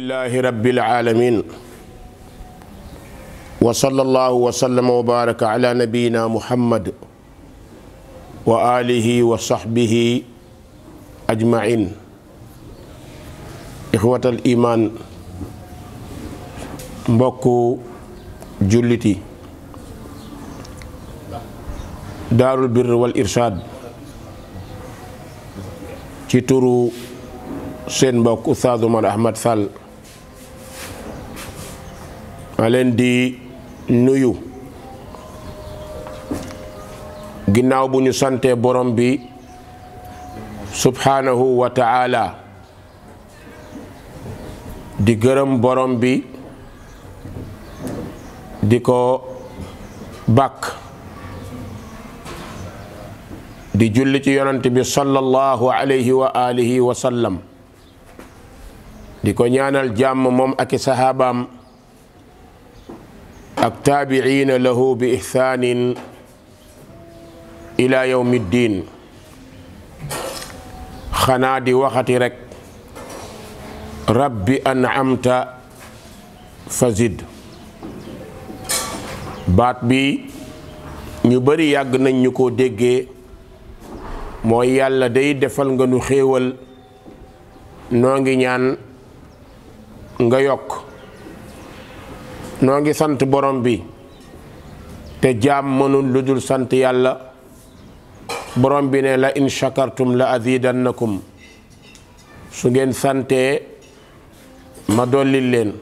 lillaahi rabbil aalamiin wa sallallaahu wa sallama wa baaraka alaa nabiyyinaa Muhammad wa aalihi wa sahbihi ajma'iin ixwatal iimaan mbokku julliti daarul birri wal irshaad ci turu seen mbokk Oustaz Oumar Ahmad Sall ma di nuyu ginnaaw bu ñu santee borom bi subhanahu wa ta'ala di gërëm borom bi di ko bakk di julli ci yonent bi sallallahu alayhi wa alihi wa sallam di ko ñaanal jàmm moom ak i sahabaam ak taabiciina lahu bi ihsaanin ila yawmi diin xanaa di waxati rek rabbi an'amta fazid baat bi ñu bari yàgg nañ ñu ko déggee mooy yàlla day defal nga nu xéewal noo ngi ñaan nga yokk noo ngi sant borom bi te jaam mënul lu dul sant yàlla borom bi ne la in shakartum la azidannakum su ngeen santee ma dollil leen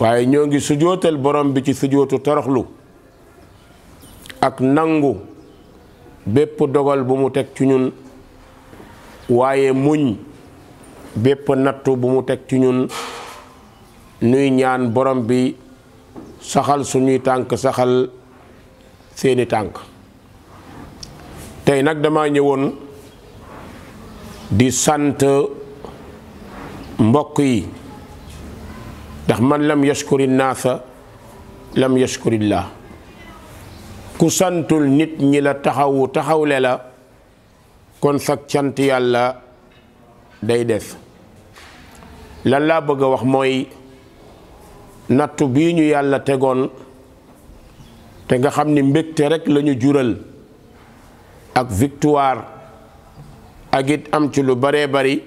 waaye ñoo ngi sujootal borom bi ci sujootu toroxlu ak nangu bépp dogal bu mu teg ci ñun waaye muñ bépp nattu bu mu teg ci ñun nuy ñaan borom bi saxal suñuy tànk saxal seeni tànk tey nag dama ñëwoon di sant mbokk yi ndax man lam yashkuri naasa lam yashkurillah ku santul nit ñi la taxawu taxawle la kon sag cant yàlla day def lan laa bëgg a wax mooy nattu bii ñu yàlla tegoon te nga xam ni mbégte rekk lañu jural ak victoire ak it am ci lu bare bari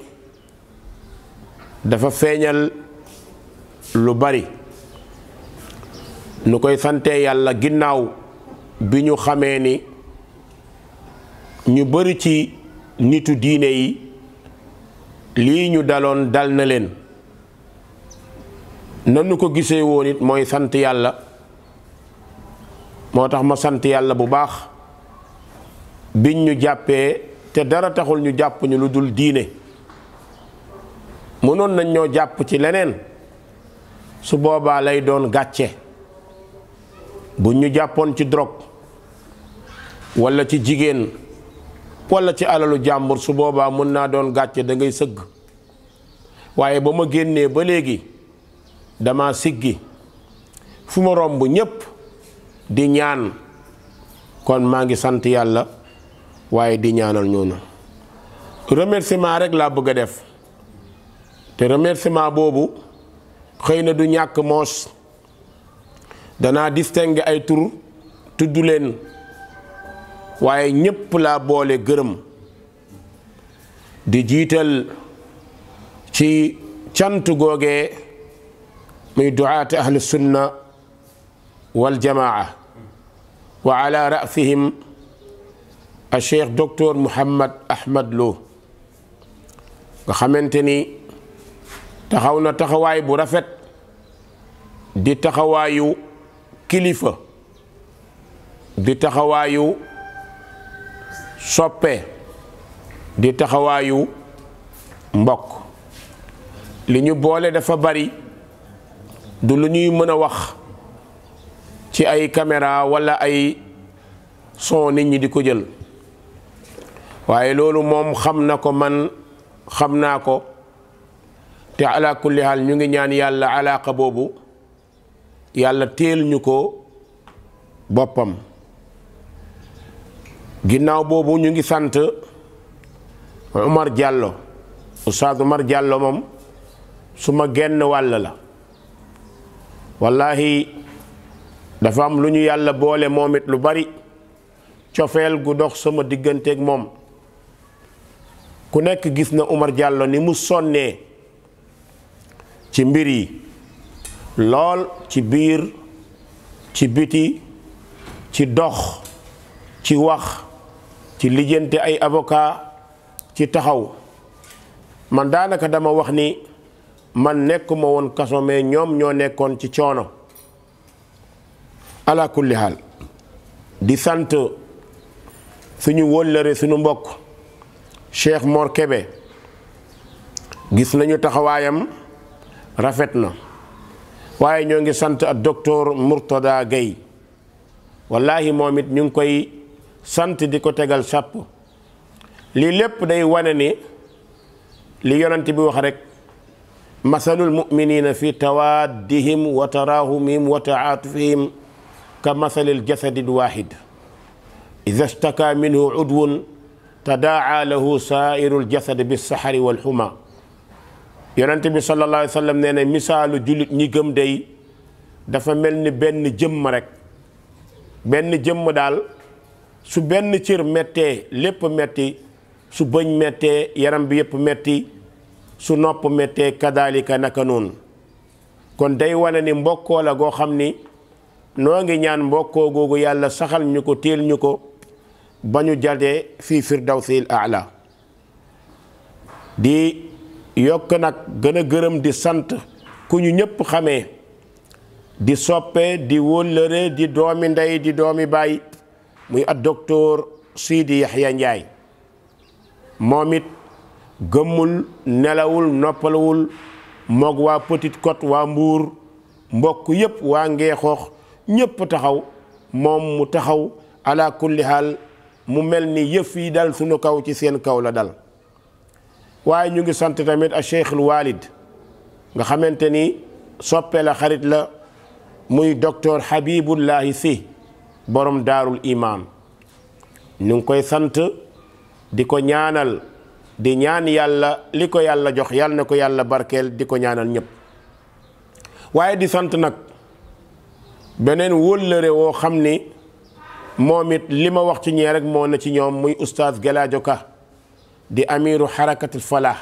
dafa feeñal lu bari nu koy sante yàlla ginnaaw bi ñu xamee ni ñu bari ci nitu diine yi lii ñu daloon dal na leen na nu ko gisee woon it mooy sant yàlla moo tax ma sant yàlla bu baax bi ñu jàppee te dara taxul ñu jàppuñu lu dul diine mënoon nañ ñoo jàpp ci leneen su boobaa lay doon gàcce bu ñu jàppoon ci drogue walla ci jigéen walla ci alalu jàmbur su boobaa mën naa doon gàcce dangay sëgg waaye ba ma génnee ba léegi dama siggi fu ma romb ñépp di ñaan kon maa ngi sant yàlla waaye di ñaanal ñooñu remerciement rek laa bëgg a def te remerciement boobu xëy na du ñàkk moos danaa distinguer ay tur tudd leen waaye ñépp laa boole gërëm di jiital ci cant googee muy ducaati ahlu sunna wal jamaa wa ala ra'sihim a cheikh docteur Mouhammad Ahmad Lo nga xamante ni taxaw na taxawaay bu rafet di taxawaayu kilifa di taxawaayu soppe di taxawaayu mbokk li ñu boole dafa bari du lu ñuy mën a wax ci ay kamera walla ay son nit ñi di ko jël waaye loolu moom xam na ko man xam naa ko te ala kulli haal ñu ngi ñaan yàlla alaaka boobu yàlla teel ñu ko boppam ginnaaw boobu ñu ngi sant Omar Diallo Oustaz Omar Diallo moom su ma genn wàll la wallaahi dafa am lu ñu yàlla boole moomit lu bari cofeel gu dox sama digganteeg moom ku nekk gis na Umar Diallo ni mu sonnee ci mbir yi lool ci biir ci biti ci dox ci wax ci lijjante ay avocat ci taxaw man daanaka dama wax ni man nekkuma woon kaso mais ñoom ñoo nekkoon ci coono ala kulli haal di sant suñu wóllëre suñu mbokk Cheikh Mor kebe gis nañu taxawaayam rafet na waaye ñoo ngi sant ak docteur Mourtada Gueye wallahi moom it ñu ngi koy sant di ko tegal sàpp lii lépp day wane ni li yonent bi wax rek masalul muminina fi tawaddihim wa tarahumihim wa taatufihim ka masalil jasadil wahid ida staka minhu udwun tadaa lahu saairu ljasad bilsahari walxuma yonent bi sallallahu alayhi wa sallam nee na misaalu jullit ñi gëm day dafa mel ni benn jëmm rek benn jëmm daal su benn cër mettee lépp metti su bëñ mettee yaram bi yëpp metti su nopp méttee kadaalika naka noonu kon day wane ni mbokkoo la goo xam ni noo ngi ñaan mbokkoo googu yàlla saxal ñu ko téel ñu ko ba ñu jadee fii firdawsil aala di yokk nag gën a gërëm di sant ku ñu ñëpp xamee di soppe di wóllëre di doomi ndey di doomi baay muy at docteur Sidi Yaxya Njaay moom it gëmmul nelawul noppalawul moog waa Petite Côte waa Mbuur mbokk yépp waa Ngeexoox ñépp taxaw moom mu taxaw ala kulli haal mu mel ni yëf yi dal sunu kaw ci seen kaw la dal waaye ñu ngi sant tamit a Cheikhul Walid nga xamante ni soppe la xarit la muy docteur Habibullahi si boroom daarul imaan ñu ngi koy sant di ko ñaanal di ñaan yàlla li ko yàlla jox yàlla na ko yàlla barkeel di ko ñaanal ñëpp waaye di sant nag beneen wóllëre woo xam ni moom it li ma wax ci ñee rek moo na ci ñoom muy oustaz Galadio Ka di amiiru xarakatul falaax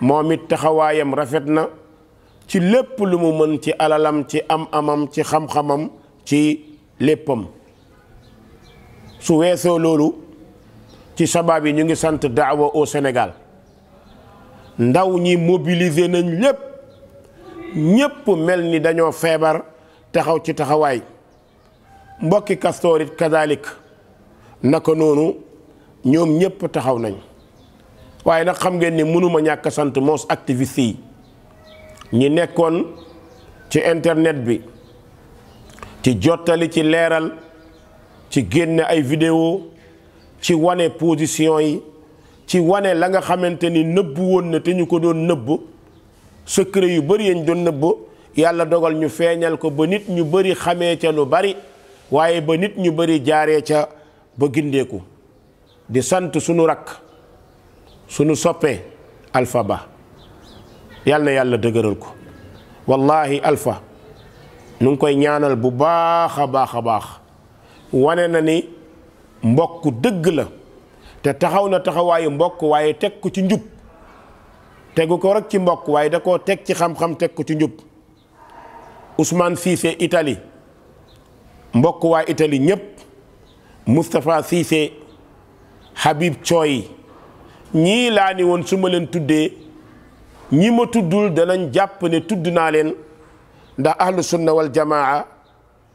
moom it taxawaayam rafet na ci lépp lu mu mën ci alalam ci am-amam ci xam-xamam ci léppam su weesoo loolu ci sabab yi ñu ngi sant daawa au senegal ndaw ñi mobiliser nañ lépp ñépp mel ni dañoo feebar taxaw ci taxawaay mbokki kastoor it kadalik naka noonu ñoom ñépp taxaw nañ waaye nag xam ngeen ni mënuma ñàkk sant moos activiste yi ñi nekkoon ci internet bi ci jottali ci leeral ci génne ay vidéo ci wane position yi ci wane la nga xamante ni nëbb woon na te ñu ko doon nëbb secret yu bari yañ doon nëbb yàlla dogal ñu feeñal ko ba nit ñu bari xamee ca lu bari waaye ba nit ñu bari jaaree ca ba gindeeku di sant suñu rakk sunu soppee alfaba yàlla yàlla dëgëral ko wallahi alfa nu ngi koy ñaanal bu baax a baax wane na ni mbokk dëgg la te taxaw na taxawaayu mbokk waaye teg ku ci njub tegu ko rek ci mbokk waaye da koo teg ci xam-xam teg ku ci njub Ousmane Cissé itali mbokk waa Italie ñépp Moustapha Cissé Habib Thioy ñii laa ni woon su ma leen tuddee ñi ma tuddul danañ jàpp ni tudd naa leen ndax ahlu sunna wal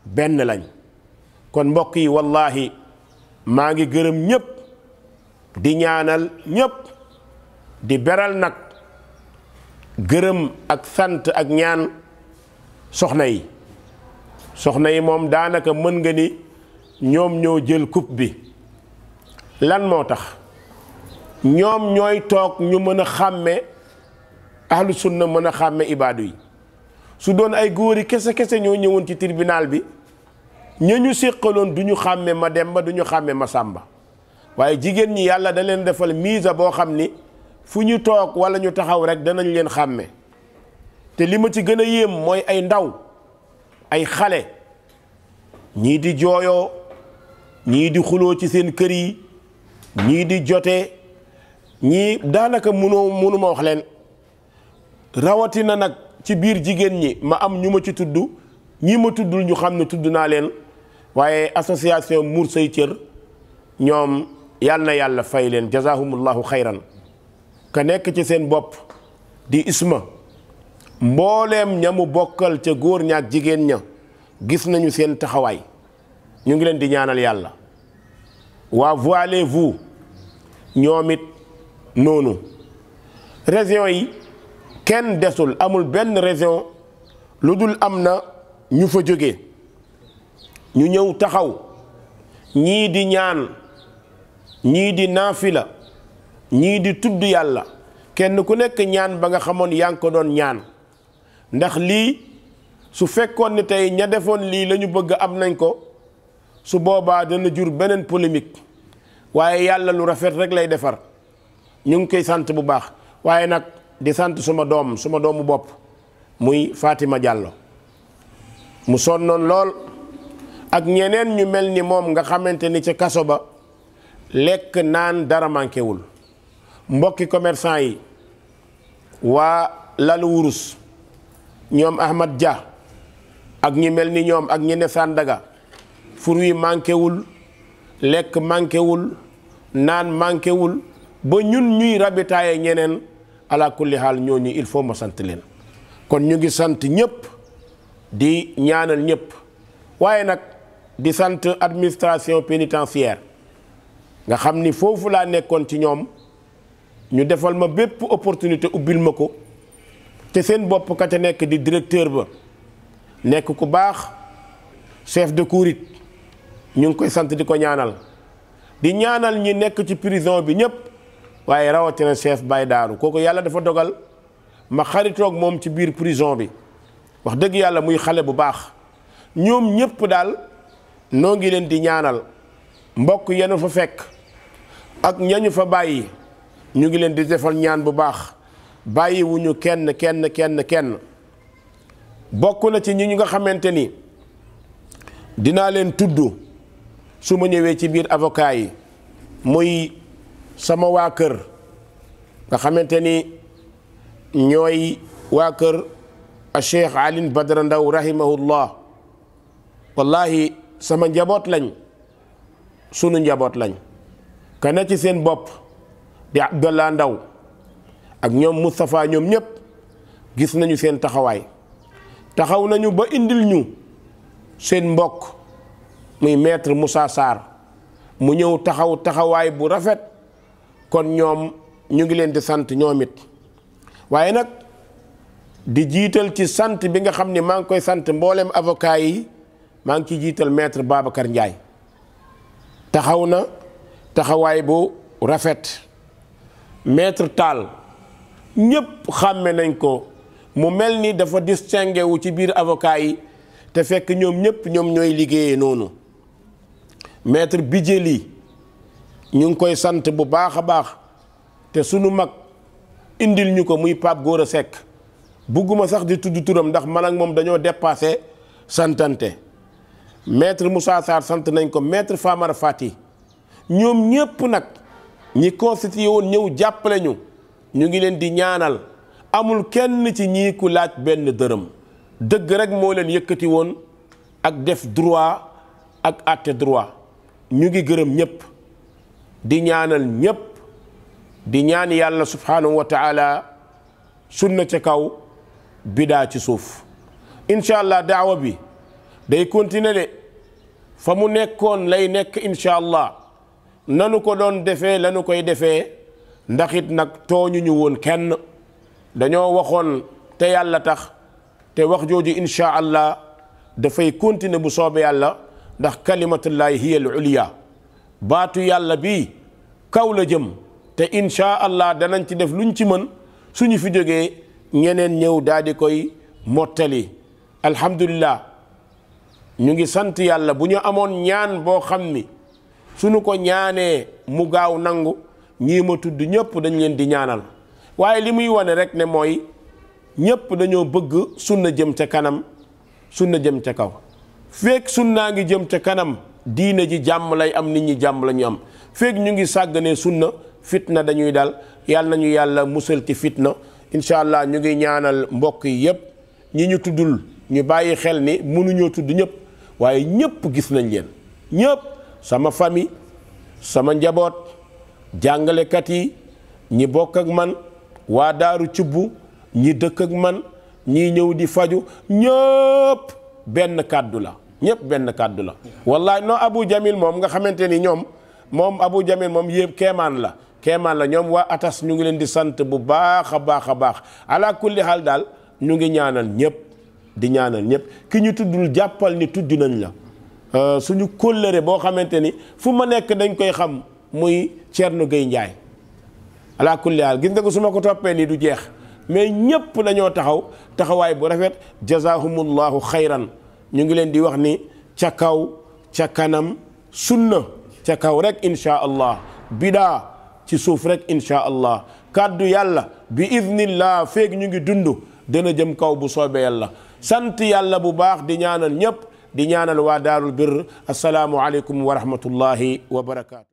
benn lañ kon mbokk yi wallahi maa ngi gërëm ñépp di ñaanal ñépp di beral nag gërëm ak sant ak ñaan soxna yi soxna yi moom daanaka mën nga ni ñoom ñoo jël coupe bi lan moo tax ñoom ñooy toog ñu mën a xàmme ahlu na mën a xàmme ibaadu yi su doon ay góor yi kese kese ñoo ñëwoon ci tribunal bi ña ñu séqaloon du ñu xàmme ma demba du ñu xàmme ma sàmba waaye jigéen ñi yàlla da leen defal mise boo xam ni fu ñu toog wala ñu taxaw rek danañ leen xàmme te li ma ci gën a yéem mooy ay ndaw ay xale ñii di jooyoo ñii di xuloo ci seen kër yi ñii di jote ñii daanaka munoo munuma wax leen rawatina nag ci biir jigéen ñi ma am ñu ma ci tudd ñi ma tuddul ñu xam ne tudd naa leen waaye association Mour Say Cër ñoom yal na yàlla fay leen jazahumullahu xayran ka nekk ci seen bopp di isma mbooleem ña mu bokkal ca góor ñaak jigéen ña gis nañu seen taxawaay ñu ngi leen di ñaanal yàlla waa voilez-vous ñoom it noonu résion yi kenn desul amul benn région lu dul am na ñu fa jóge ñu ñëw taxaw ñii di ñaan ñii di naafila ñii di tudd yàlla kenn ku nekk ñaan ba nga xamoon yaa ngi ko doon ñaan ndax lii su fekkoon ni tey ña defoon lii lañu bëgg am nañ ko su boobaa dana jur beneen polémique waaye yàlla lu rafet rek lay defar ñu ngi koy sant bu baax waaye nag di sant suma doom suma doomu bopp muy Fatima Diallo mu sonnoon lool ak ñeneen ñu mel ni moom nga xamante ni ca kaso ba lekk naan dara mànkewul mbokki commerçant yi waa lalu wurus ñoom Ahmad Dia ak ñi mel ni ñoom ak ñi ne Sandaga fur wi mànkewul lekk mànkewul naan mànkewul ba ñun ñuy rabitaaye ñeneen ala kulli xaal ñooñu il faut ma sant leen kon ñu ngi sant ñëpp di ñaanal ñëpp waaye nag di sant administration pénitentiaire nga xam ni foofu laa nekkoon ci ñoom ñu defal ma bépp opportunité ubbil ma ko te seen bopp ka ca nekk di directeur ba nekk ku baax chef de courit ñu ngi koy sant di ko ñaanal di ñaanal ñi nekk ci prison bi ñépp waaye rawatina chef Baye Daaru kooko yàlla dafa dogal ma xaritoog moom ci biir prison bi wax dëgg yàlla muy xale bu baax ñoom ñépp daal noo ngi leen di ñaanal mbokk yenu fa fekk ak ñañu fa bàyyi ñu ngi leen di defal ñaan bu baax bàyyiwuñu kenn kenn kenn kenn bokk na ci ñi ñu nga xamante ni dinaa leen tudd su ma ñëwee ci biir avocat yi muy sama waa kër nga xamante ni ñooy waa kër a Cheikh Alioune Badara Ndao rahimahullah wallahi sama njaboot lañ sunu njaboot lañ kana ci seen bopp di Abdallah Ndaw ak ñoom Moustapha ñoom ñëpp gis nañu seen taxawaay taxaw nañu ba indil ñu seen mbokk muy maître Moussa Sarr mu ñëw taxaw taxawaay bu rafet kon ñoom ñu ngi leen di sant ñoom it waaye nag di jiital ci sant bi nga xam ne maa ngi koy sant mbooleem avocat yi maa ngi ciy jiital maître Babacar njaay taxaw na taxawaay bu rafet maître Tall ñëpp xàmme nañ ko mu mel ni dafa distingué ci biir avocat yi te fekk ñoom ñëpp ñoom ñooy liggéeye noonu maître Bidjeli ñu ngi koy sant bu baax a baax te sunu mag indil ñu ko muy Pape a sekk bugguma sax di tudd turam ndax man moom dañoo dépassé santante maître Moussa Sarr sant nañ ko maître Famara Fati ñoom ñëpp nag ñi constitué woon ñëw jàppale ñu ñu ngi leen di ñaanal amul kenn ci ñii ku laaj benn dërëm dëgg rek moo leen yëkkati woon ak def droit ak àtte droit ñu ngi gërëm ñëpp di ñaanal ñëpp di ñaan yàlla subhanahu wa taala sunna ci kaw bidaa ci suuf incha allah daawa bi day continuer fa mu nekkoon lay nekk incha allah nanu ko doon defee lanu koy defee ndax it nag tooñu ñu woon kenn dañoo waxoon te yàlla tax te wax jooju incha allah dafay continuer bu soobee yàlla ndax kalimatullahi hiya al baatu yàlla bi kaw la jëm te incha allah danañ ci def luñ ci mën suñu fi jógee ñeneen ñëw daal di koy mottali alhamdulillah ñu ngi sant yàlla bu ñu amoon ñaan boo xam ni suñu ko ñaanee mu gaaw nangu ñii ma tudd ñëpp dañ leen di ñaanal waaye li muy wane rek ne mooy ñëpp dañoo bëgg sunna jëm ca kanam sunna jëm ca kaw feek sunnaa ngi jëm ca kanam diine ji jàmm lay am nit ñi jàmm la ñu am feek ñu ngi sàgganee sunna fitna dañuy dal yàlla nañu yàlla musal ci fitna incha allah ñu ngi ñaanal mbokk yi yëpp ñi ñu tuddul ñu bàyyi xel ni mënuñoo tudd ñëpp waaye ñëpp gis nañ leen ñëpp sama famille sama njaboot jàngalekat yi ñi bokk ak man waa daaru cubbu ñi dëkk ak man ñii ñëw di faju ñëpp benn kàddu la ñëpp benn kàddu la wallaay non Abu Jamil moom nga xamante ni ñoom moom Abu Jamil moom yëpp keemaan la kemaan la ñoom waa atas ñu ngi leen di sant bu baax a baax a baax ala kulli xaal daal ñu ngi ñaanal ñëpp di ñaanal ñëpp ki ñu tuddul jàppal ni tudd nañ la euh, suñu kóllëre boo xamante ni fu ma nekk dañ koy xam muy Thierno Gueye Ndiaye ala kulli haal gis nga ko su ma ko toppee nii du jeex mais ñëpp dañoo taxaw taxawaay bu rafet jazahumullahu xayran ñu ngi leen di wax ni ca kaw ca kanam sunna ca kaw rek incha allah bidaa ci suuf rek incha allah kàddu yàlla bi idnillah feeg ñu ngi dund dina jëm kaw bu soobee yàlla sant yàlla bu baax di ñaanal ñëpp di ñaanal waa daarul birr asalaamualeykum wa rahmatullahi wa barakaatu.